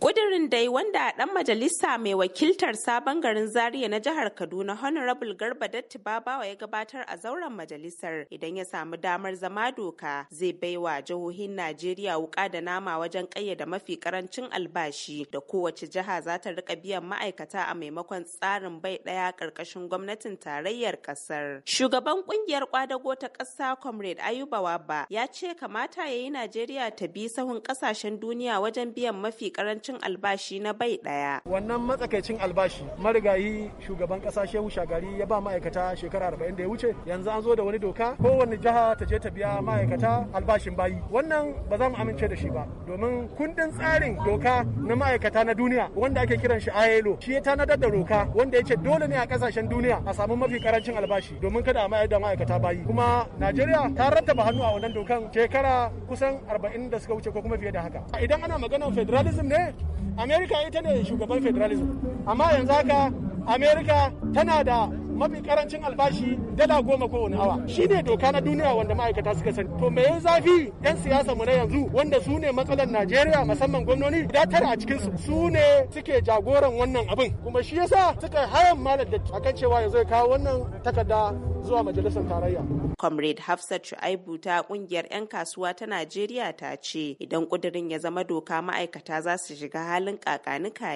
Kudirin dai wanda a ɗan majalisa mai wakiltar sabon garin Zaria na jihar Kaduna Honorable Garba Datti Babawa ya gabatar a zauren majalisar idan ya samu damar zama doka zai baiwa jihohin Najeriya wuka da nama wajen ƙayyada mafi ƙarancin albashi da kowace jiha za ta rika biyan ma'aikata a maimakon tsarin bai ɗaya ƙarƙashin gwamnatin tarayyar ƙasar. Shugaban ƙungiyar ƙwadago ta ƙasa Comrade Ayuba Waba ya ce kamata ya yi Najeriya ta bi sahun ƙasashen duniya wajen biyan mafi karancin matsakaicin albashi na bai ɗaya. Wannan matsakaicin albashi marigayi shugaban ƙasa Shehu Shagari ya ba ma'aikata shekara arba'in da ya wuce yanzu an zo da wani doka kowane jiha ta je ta biya ma'aikata albashin bayi. Wannan ba za mu amince da shi ba domin kundin tsarin doka na ma'aikata na duniya wanda ake kiran shi ILO shi ya tanadar da doka wanda ya ce dole ne a ƙasashen duniya a samu mafi karancin albashi domin kada a mayar da ma'aikata bayi. Kuma Najeriya ta rattaba hannu a wannan dokan shekara kusan arba'in da suka wuce ko kuma fiye da haka. Idan ana maganar federalism ne amerika ita ne shugaban federalism amma yanzu haka amerika tana da mafi karancin albashi dala goma ko wani awa shi ne doka na duniya wanda ma'aikata suka sani to me zafi yan siyasa mu na yanzu wanda su ne matsalar najeriya musamman gwamnoni da tara a cikinsu su ne suke jagoran wannan abin kuma shi yasa suka hayan malar da akan cewa yanzu ya kawo wannan takarda zuwa majalisar tarayya Comrade Hafsat Shu'aibu ta kungiyar 'yan kasuwa ta Najeriya ta ce idan kudirin ya zama doka ma'aikata za su shiga halin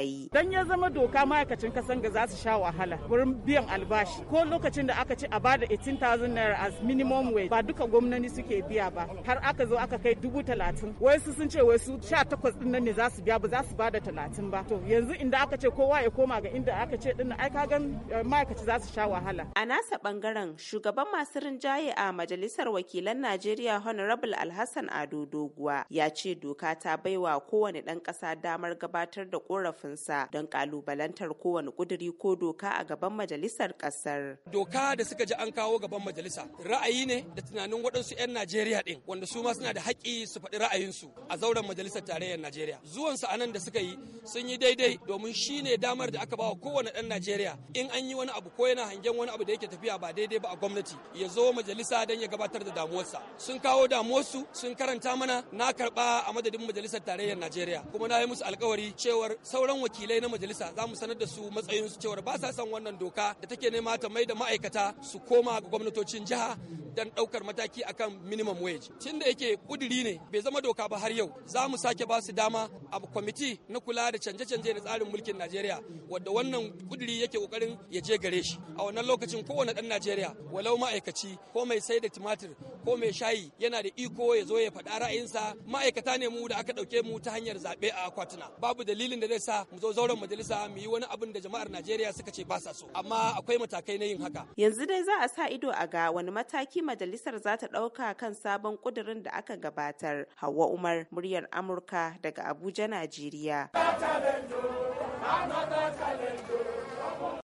yi. Dan ya zama doka ma'aikacin kasan ga za su sha wahala wurin biyan albashi ko lokacin da aka ce a bada 18,000 naira as minimum wage ba duka gwamnati suke biya ba har aka zo aka kai dubu talatin wasu sun ce wasu sha takwas din nan ne za su biya ba za su bada talatin ba to yanzu inda aka ce kowa ya koma ga inda aka ce din ai eh, ma'aikaci za su sha wahala. A nasa bangaren shugaban masu rinjaye a Majalisar Wakilan Najeriya Honorable Alhassan Ado Doguwa ya ce doka ta baiwa kowane ɗan ƙasa damar gabatar da ƙorafinsa don ƙalubalantar kowane ƙuduri ko doka a gaban majalisar ƙasar. Doka da suka ji an kawo gaban majalisa ra'ayi ne da tunanin waɗansu 'yan Najeriya ɗin wanda su ma suna da haƙƙi su faɗi ra'ayinsu a zauren majalisar tarayyar Najeriya. Zuwansu a nan da suka yi sun yi daidai domin shi ne damar da aka ba wa kowane ɗan Najeriya in an yi wani abu ko yana hangen wani abu da yake tafiya ba daidai ba a gwamnati ya zo majalisa majalisa don ya gabatar da damuwarsa sun kawo damuwarsu sun karanta mana na karba a madadin majalisar tarayyar najeriya kuma na yi musu alkawari cewar sauran wakilai na majalisa za mu sanar da su matsayinsu cewar ba sa son wannan doka da take nema ta mai da ma'aikata su koma ga gwamnatocin jiha don ɗaukar mataki akan minimum wage tun da yake kuduri ne bai zama doka ba har yau za mu sake ba su dama a kwamiti na kula da canje-canje na tsarin mulkin najeriya wadda wannan kuduri yake kokarin ya je gare shi a wannan lokacin kowane dan najeriya walau ma'aikaci ko mai mai sai da tumatir ko mai shayi yana da iko ya zo ya faɗa ra'ayinsa ma'aikata ne mu da aka ɗauke mu ta hanyar zaɓe a akwatuna babu dalilin da zai sa mu zo zauren majalisa mu yi wani abin da jama'ar Najeriya suka ce ba sa so amma akwai matakai na yin haka yanzu dai za a sa ido a ga wani mataki majalisar za ta ɗauka kan sabon ƙudurin da aka gabatar hawa Umar muryar Amurka daga Abuja Najeriya.